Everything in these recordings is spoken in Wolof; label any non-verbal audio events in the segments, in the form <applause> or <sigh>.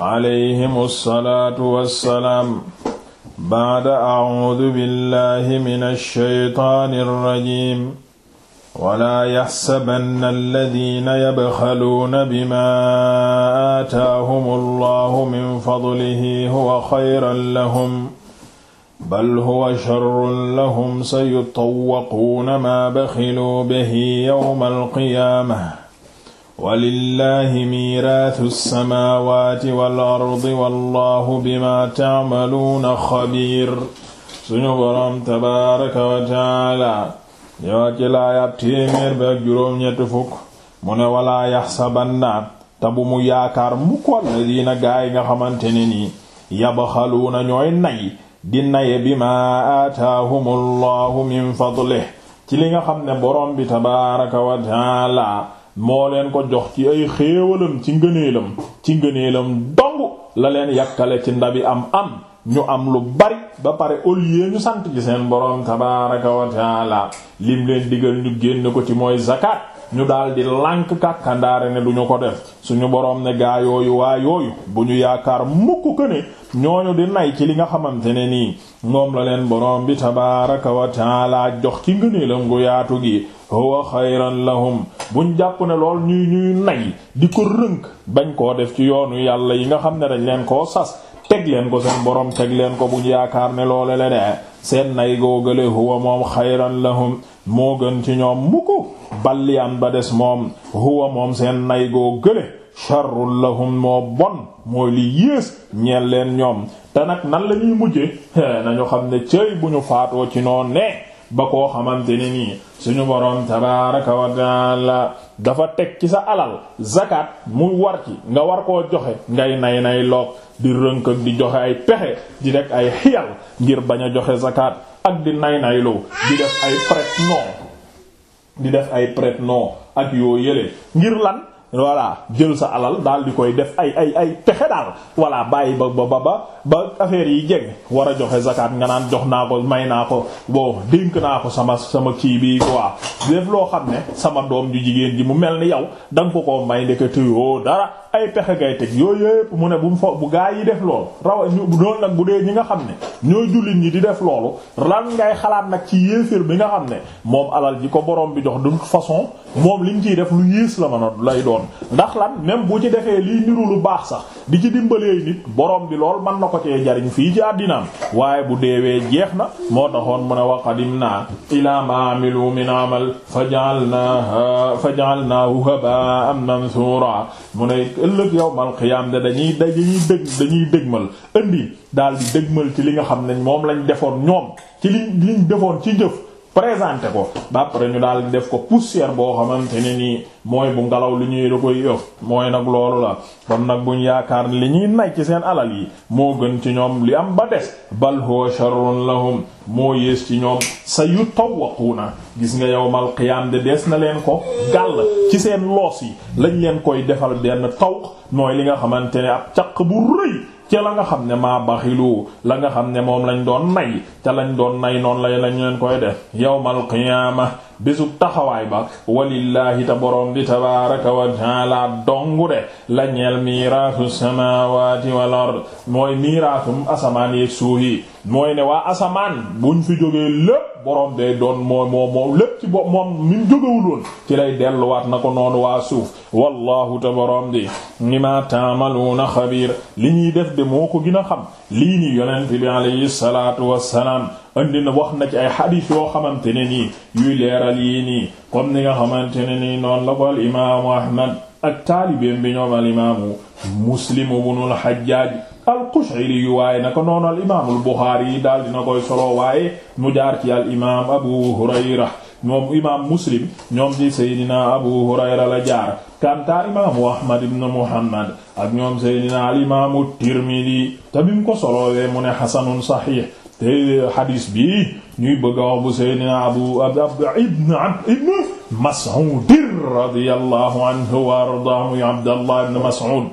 alayhim alsalaatu wassalaam baada acuudu billahi min alsheytaani alrajim walaa yaxsabanna alladina yabxaluuna bima aataahum allahu min fadlihi huwa xayran lahum bal huwa sharrun lahum sayutawaquuna maa baxiluu bihi yowma alqiyaama walillahi miiraasu samaawaati wal ardi wallahu bima taamaluuna xabiir suñu boroom tabaaraka wa taala yoo ci laayaab téeméer bi ak juróom-ñett fukk mu ne walaa yaxsabanna te bu mu yaakaar mu ko alladiina gaay nga xamante ne nii yabxaluuna ñooy nay di naye bi ma aataahumullahu min fadlihi ci li nga xam ne boroom bi tabaaraka wa taala moo leen ko jox ci ay xéewalam ci ngëneelam ci ngëneelam dong la leen yàkkale ci ndabi am am ñu am lu bari ba pare au lieu ñu sant ci seen boroom tabaaraka wa taala lim leen digal ñu génn ko ci mooy zakat ñu daal lank lànk kàkkandaare ne ñu ko def suñu boroom ne gaa yooyu waa yooyu bu ñu yaakaar mukk ko ne ñooñu di nay ci li nga xamante ne nii moom la leen boroom bi tabaaraka wa taala jox ci ngëneelam gu yaatu gi huwa xayran lahum buñ jàpp ne lool ñuy ñuy nay di ko rënk bañ koo def ci yoonu yàlla yi nga xam ne dañ leen koo sas teg leen ko seen borom teg leen ko bu ñu yaakaar ne loole le dee seen nay googale huwa moom xayran lahum moo gën ci ñoom mu ko balliyaan ba des moom huwa moom seen nay googale sharrun lahum moo bon mooy li yées ñeen leen ñoom te nag nan la ñuy mujje <laughs> nañu xam ne cëy bu ñu faatoo ci noon ne ba koo xamante ni nii suñu borom tabaaraka wa taala dafa teg ci sa alal zakat mu war ci nga war koo joxe ngay nay nay loog di rënk ak di joxe ay pexe di rek ay xiyal ngir bañ a joxe zakat ak di nay nay lu di def ay prête non di def ay prête non ak yoo yële ngir lan voilà jël sa alal daal di koy def ay ay ay pexe daal voilà bàyyi ba ba ba ba affaire yi jeg war a joxe zakat nga naan jox naa ko may naa ko bon dénk naa sama sama kii bi quoi loo xam ne sama doom ju jigéen ji mu mel ni yow da nga ko may ndeketewoo dara ay pexe ngay teg mu ne bu mu bu gaa yi def loolu rawa noonu nag bu dee ñi nga xam ne ñooy jullit ñi di def loolu xalaat nag ci yéeféer bi nga xam ne moom alal ji ko borom bi jox du façon moom li ñu ciy def lu yées la mën a lay doon yoon ndax lan même bu ci defee liy niru lu baax sax di ci dimbalee nit boroom bi lool man na ko cee jariñ fii ci àddinaam waaye bu deewee jeex na moo taxoon mu ne wa qadimna ila ma amilu min amal faj'alnaha faj'alnahu haba'an mansura mu ne ëllëg yawmal qiyaam de dañuy dañuy dëg dañuy dëgmal indi daal di dëgmal ci li nga xam ne moom lañ defoon ñoom ci liñ liñ defoon ci jëf présenté ko ba ñu daal def ko poussière boo xamante ne nii mooy bu ngelaw li ñuy da koy mooy nag loolu la kon nag buñ yaakaar ne li ñuy nay ci seen alal yi moo gën ci ñoom li am ba des bal huwa sharrun moo yées ci ñoom sa yu na gis nga yawmal qiyaam de dees na leen ko gàll ci seen loos yi lañ leen koy defal benn tawq mooy li nga xamante ne ab caq bu rëy ca la nga xam ne maa baxilu la nga xam ne moom lañ doon nay ca lañ doon nay noonu lay lañ leen koy def yawmal qiyaama bésub taxawaay ba walillahi ta borom bi tabaraka wa taala dongu de la ñeel miiraasu samawati wal mooy miiraasum asamaan yeeg suuf yi mooy ne waa asamaan buñ fi jógee lépp boroom day doon moo moo moom lépp ci min jógewul woon ci lay delluwaat na ko noon waa suuf wallahu ta borom bi ni ma taamaluuna xabiir li ñuy def de moo ko gina xam lii ni yonent bi alayhi salaatu wassalaam indi na wax na ci ay xadiis yoo xamante ne nii yuy leeral yi nii comme ni nga xamante ne nii la ko al imaamu ahmad ak taalibeem bi ñoom al imaamu muslim ibnul hajjaaj al-Qushayri yu waaye naka noonu al imaamul Buxaari yi daal dina koy solo waaye mu jaar ci al imaam Abu Hurayra moom imaam Muslim ñoom ci Seydina Abu Hurayra la jaar kantaa imaamu Ahmad ibn Muhammad ak ñoom Seydina al imaamu Tirmidi te bi mu ko solowee mu ne xasanun saxiix te hadis bi ñuy bëgg a wax bu seydina abu ab ibn ab ibn anhu wa ardaahu abdallah ibn mas'ud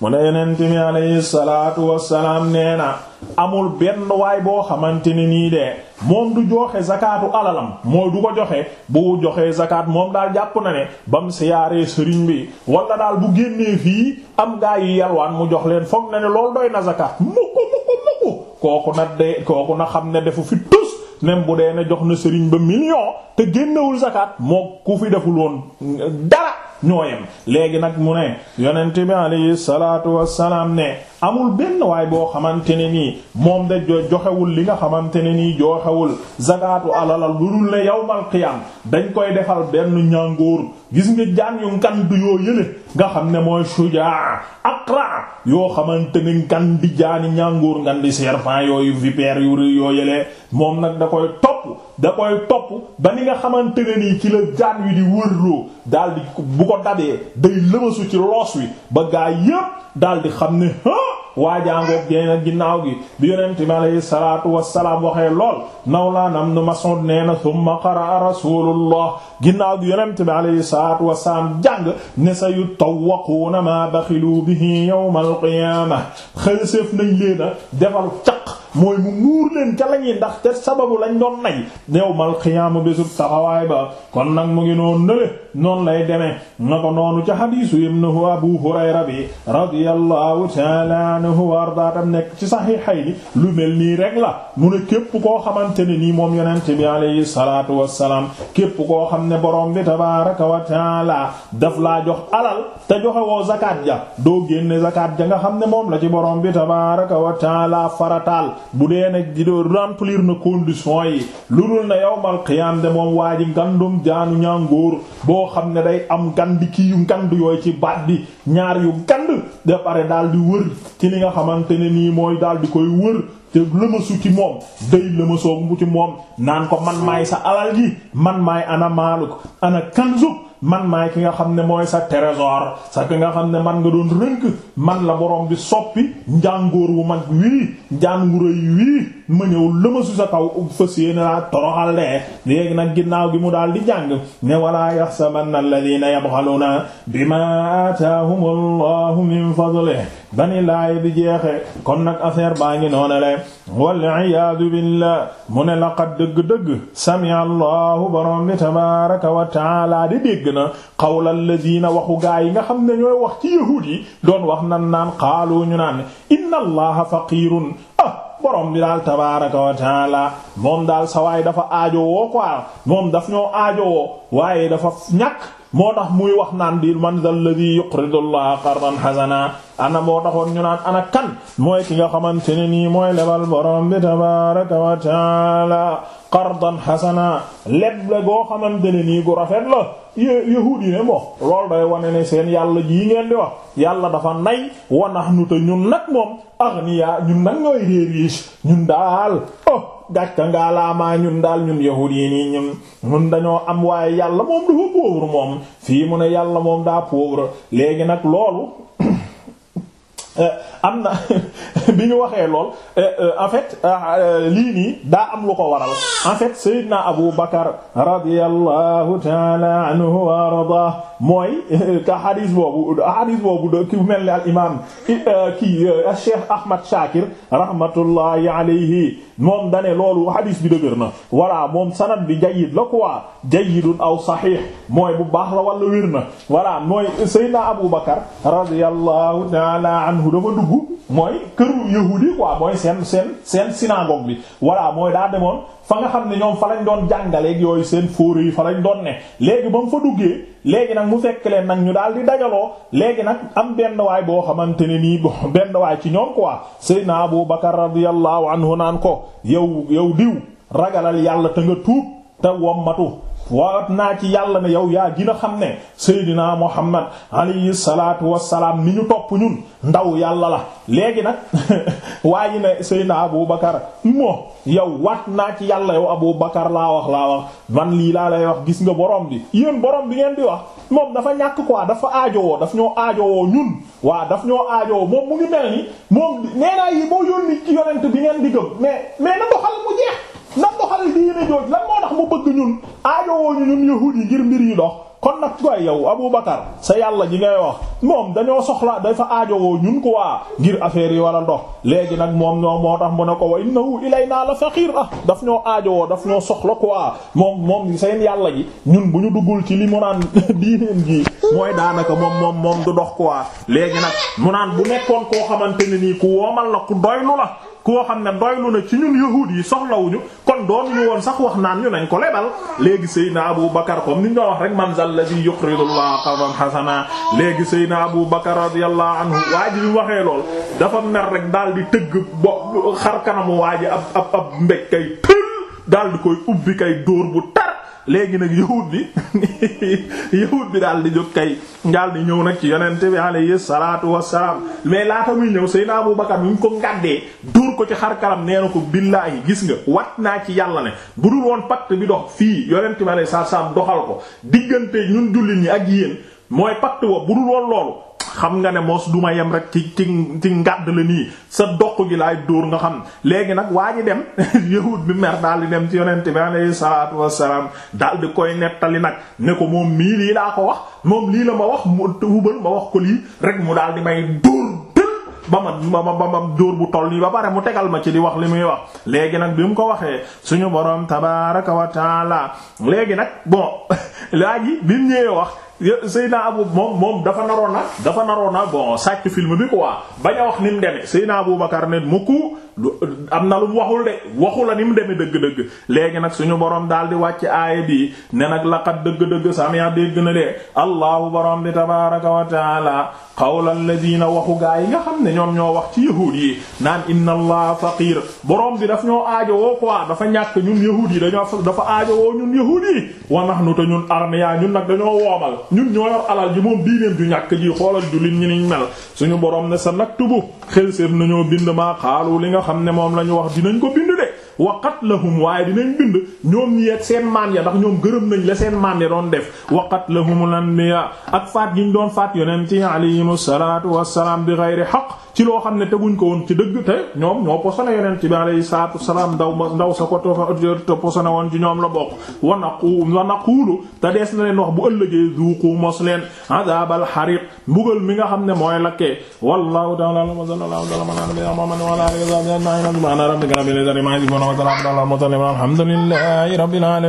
mu ne yeneen mi alayhi salaatu wassalaam nee na amul benn waay boo xamante ni nii de moom du joxe zakaatu alalam mooy du ko joxe bu joxee zakaat moom daal jàpp na ne ba mu sëriñ bi wala daal bu génnee fii am gaa yi yalwaan mu jox leen foog na ne loolu doy na zakaat kooku na de kooku na xam ne defu fi tus même bu dee ne jox na sëriñ ba million te génnewul zakat moo ku fi deful woon dara ñoo yem léegi nag mu ne yonent bi alayhi salaatu wassalaam ne amul benn waay boo xamante ne nii moom da joxewul li nga xamante ne nii joxewul zakaatu alalal lu dul ne yawmal qiyam dañ koy defal benn ñàngoor gis nga jaan yu ngandu yoo yële nga xam ne mooy shujaa aqra yoo xamante ne ngandi jaani ñàngoor ngandi serpent yooyu vipère yu rëy yoo yële moom nag da koy topp da koy topp ba ni nga xamante ne nii ci la jaan wi di wërloo dal di bu ko dabee day lëmasu ci loos wi ba gaa yépp daal di xam ne waajaangoog gén a ginnaaw gi bi yonent bi alayhi salaatu wasalaam waxee lool Mawlaana Ibn Mas'ud nee na summa qaraa rasulullah ginnaaw gi yonent bi alayhi salaatu wasalaam jàng ne sa yu tawwaquuna maa baxilu bihi yawmal qiyaama a mooy mu nuur leen ca lañuy ndax te sababu lañ doon nay yow mal xiyaama taxawaay ba kon nag mu ngi noonu nële noonu lay demee na ko noonu ca hadiisu ibnu abu hurayra bi radiyallahu ta'ala anhu wa ardaatam nekk ci saxiixayni lu mel nii rek la mu ne képp koo xamante ne nii moom yonent bi alayhi salaatu wassalaam képp koo xam ne borom bi tabaaraka wa ta'ala daf laa jox alal te joxe woo zakat ja doo génne zakat ja nga xam ne moom la ci borom bi tabaaraka wa ta'ala farataal bu dee ne di remplir na condition yi lu dul na yow qiyaam de moom waa ji ngandum jaanu ñàngoor boo xam ne day am gandi kii yu ngand yooyu ci baat bi ñaar yu gand de pare daal di wër ci li nga xamante ne nii mooy daal di koy wër te lëmasu ci moom day lëmasoo bu ci moom naan ko man maay sa alal yi man maay ana maaluk ana kanzuk man maay ki nga xam ne mooy sa trésor sa ki nga xam ne man nga doon rënk man la borom bi soppi njàngoor wu mag wii njànguray wii ma ñëw lëmasu sa kaw fas yéene laa toroxal de léegi nag ginnaaw gi mu daal di jàng ne walaa yaxsamanna alladhina yabxaluna bima ataahum allahu min fadlihi bani laay bi jeexe kon nag affaire baa ngi noonale waliyaadu billah mu ne laqad dëgg-dëgg sami'a allahu borom bi tabaraka wa taala di dégg na qawla alladina waxu gaa yi nga xam ne ñooy wax ci doon wax nan naan qaalu ñu naan inna allaha faqirun ah borom bi daal tabaraka wa taala moom daal sawaay dafa aajowoo quoi moom daf ñoo aajowoo waaye dafa ñàkk moo tax muy wax naan di man dal ladhi yuqridu allaha qardan hasana ana moo taxoon ñu naan ana kan mooy ki nga xamante ne nii mooy lebal borom bi tabaraka wa taala qardan hasana leb la goo xamante ne nii gu rafet la ne moom loolu day wane ne seen yàlla jii ngeen di wax yàlla dafa nay wanax nu ñun nag moom aghniya ñun nag ñooy réer ñun daal oh gàcca ngaa laamaa ñun daal ñun yahud yi nii ñun dañoo am waaye yàlla moom dafa pauvre moom fii mu ne yàlla moom daa pauvre léegi nag loolu <coughs> eh, am na <laughs> bi ñu waxee lool eh, eh, en fait ah, lii nii daa am lu ko waral en fait Seydina Abu Bakar radiyallahu ta'ala anhu wa mooy <laughs> te xadis boobu xadis boobu de ki mel ni al imaam euh, kii euh, Cheikh Ahmad Shakir rahmatullahi alayhi moom dane loolu xadis bi dëgër na moom sanad bi jayyid la quoi aw saxiix mooy bu baax la wala wér na voilà mooy Seydina Abu Bakar radiyallahu ta'ala anhu dafa dugg mooy këru yahudi quoi mooy seen seen seen synagogue bi voilà mooy daa demoon fa nga xam ne ñoom fa lañ doon jàngaleeg yooyu seen fóoré yi fa lañ doon ne léegi ba mu fa duggee léegi nag mu fekk leen nag ñu daal di dajaloo léegi nag am benn waay boo xamante ne nii bon <laughs> benn waay ci ñoom quoi Seydina Abu Bakar radiyallahu anhu naan ko yow yow diw ragalal yàlla te nga tuub te matu waat naa ci yàlla na yow yaa gën xam ne Seydina Muhammad alayhi salaatu wassalaam ni ñu topp ñun ndaw yàlla la léegi nag <laughs> waa ji ne Seydina Abu Bakar moo yow waat naa ci yàlla yow Abu Bakar laa wax laa wax man lii laa lay wax gis nga borom bi yéen borom bi ngeen di wax moom dafa ñàkk quoi dafa aajowoo daf ñoo aajowoo ñun waa daf ñoo aajowoo moom mu ngi mel ni moom nee naa yi boo yónni ci yonent bi ngeen di gëm mais mais bëgg ñun aajowoo ñu ñun yahuud yi ngir mbir yi dox kon nag waaye yow Abu Bakar sa yàlla ji ngay wax moom dañoo soxla dafa aajowoo ñun ko waa ngir affaire yi war a dox léegi nag moom ñoo moo tax mu ne ko wa innahu ilayna la faqir ah daf ñoo aajowoo daf ñoo soxla ko waa moom moom seen yàlla ji ñun bu ñu duggul ci li mu naan <laughs> diineen gi mooy daanaka moom moom moom du dox ko léegi nag mu naan bu nekkoon koo xamante ne nii ku woomal la ku doylu la koo xam ne doylu na ci ñun yahuud yi soxlawuñu kon doonuñu woon sax wax naan ñu nañ ko lebal léegi na Abu Bakar comme ni ñu wax rek man zal ladhi yuqridu Allah qardan hasana léegi Seydina Abu Bakar radiyallahu anhu waa ji bi waxee lool dafa mer rek daal di tëgg bo xar kanamu waa ji ab ab ab mbéj kay tël daal di koy ubbi kay dóor bu tar léegi nag yahut bi <laughs> yahut bi daal di jóg kay daal di ñëw nag ci yonente bi alayhi salaatu wassalaam mais laata muy ñëw Seydina Abu Bakar ñu ko ngàddee dóor ko ci xar karam nee na ko billaahi gis nga wat naa ci yàlla ne bu dul woon pacte bi dox fii yonente bi alayhi salaatu wassalaam doxal ko diggante ñun jullit ñi ak yéen mooy pacte wa bu dul woon loolu xam nga ne mos du ma yem rek ci ci ci ngàdd la nii sa doq gi laay dóor nga xam léegi nag waa ji dem <laughs> yahut bi mer daal di dem ci yonent bi alayhi salaatu wassalaam daal di koy nettali nag ne ko moom mii lii laa ko wax moom lii la ma wax mu wubal ma wax ko lii rek mu daal di may dóor ba ma ba ma dóor bu toll nii ba pare mu tegal ma ci di wax li muy wax léegi nag bi mu ko waxee suñu borom tabaaraka wa léegi nag bon <laughs> laa ji bi mu ñëwee wax. Seyna Abu moom moom dafa naroon na dafa naroon na bon sàcc film bi quoi bañ a wax ni mu demee Seyna Abu Bakar ne mukk lu am na lu mu waxul de waxu la ni mu demee dëgg-dëgg léegi nag suñu boroom daal di wàcc aaya bi ne nag laqad dëgg-dëgg samia dégg na de allahu borom bi tabaraka wa taala la ladina waxu gaa yi nga xam ne ñoom ñoo wax ci yahuud yi naan inna allaha faqir boroom bi daf ñoo aajo woo quoi dafa ñàkk ñun yahuud yi dañoo dafa aajo woo ñun yahuud yi wa nahnu te ñun armiya ñun nag dañoo woomal ñun ñoo yor alal ji moom diineen ju ñàkk ji xoolal jullit ñi niñ suñu borom ne sa naktubu xel séef xam ne moom lañu wax dinañ ko bind wa qatlahum waaye dinañ bind ñoom ñi ak seen maam ya ndax ñoom gërëm nañ la seen maam ya doon def wa qatlahumul anbiya ak faat gi ñu doon faat yonent yi alayhimu salaatu wassalaam bi ghayri haqq ci loo xam ne teguñ ko woon ci dëgg te ñoom ñoo posone yonent bi alayhi salaatu wassalaam ndaw ma ndaw sa ko to posone woon ci ñoom la bokk wa naqu wa naqulu te dees na leen wax bu ëllëgee zuuqu mos leen adabal hariq mbugal mi nga xam ne mooy lakkee wallahu ta'ala subhaanahu wa ta'aala alhamdulillahi rabbil aalamiin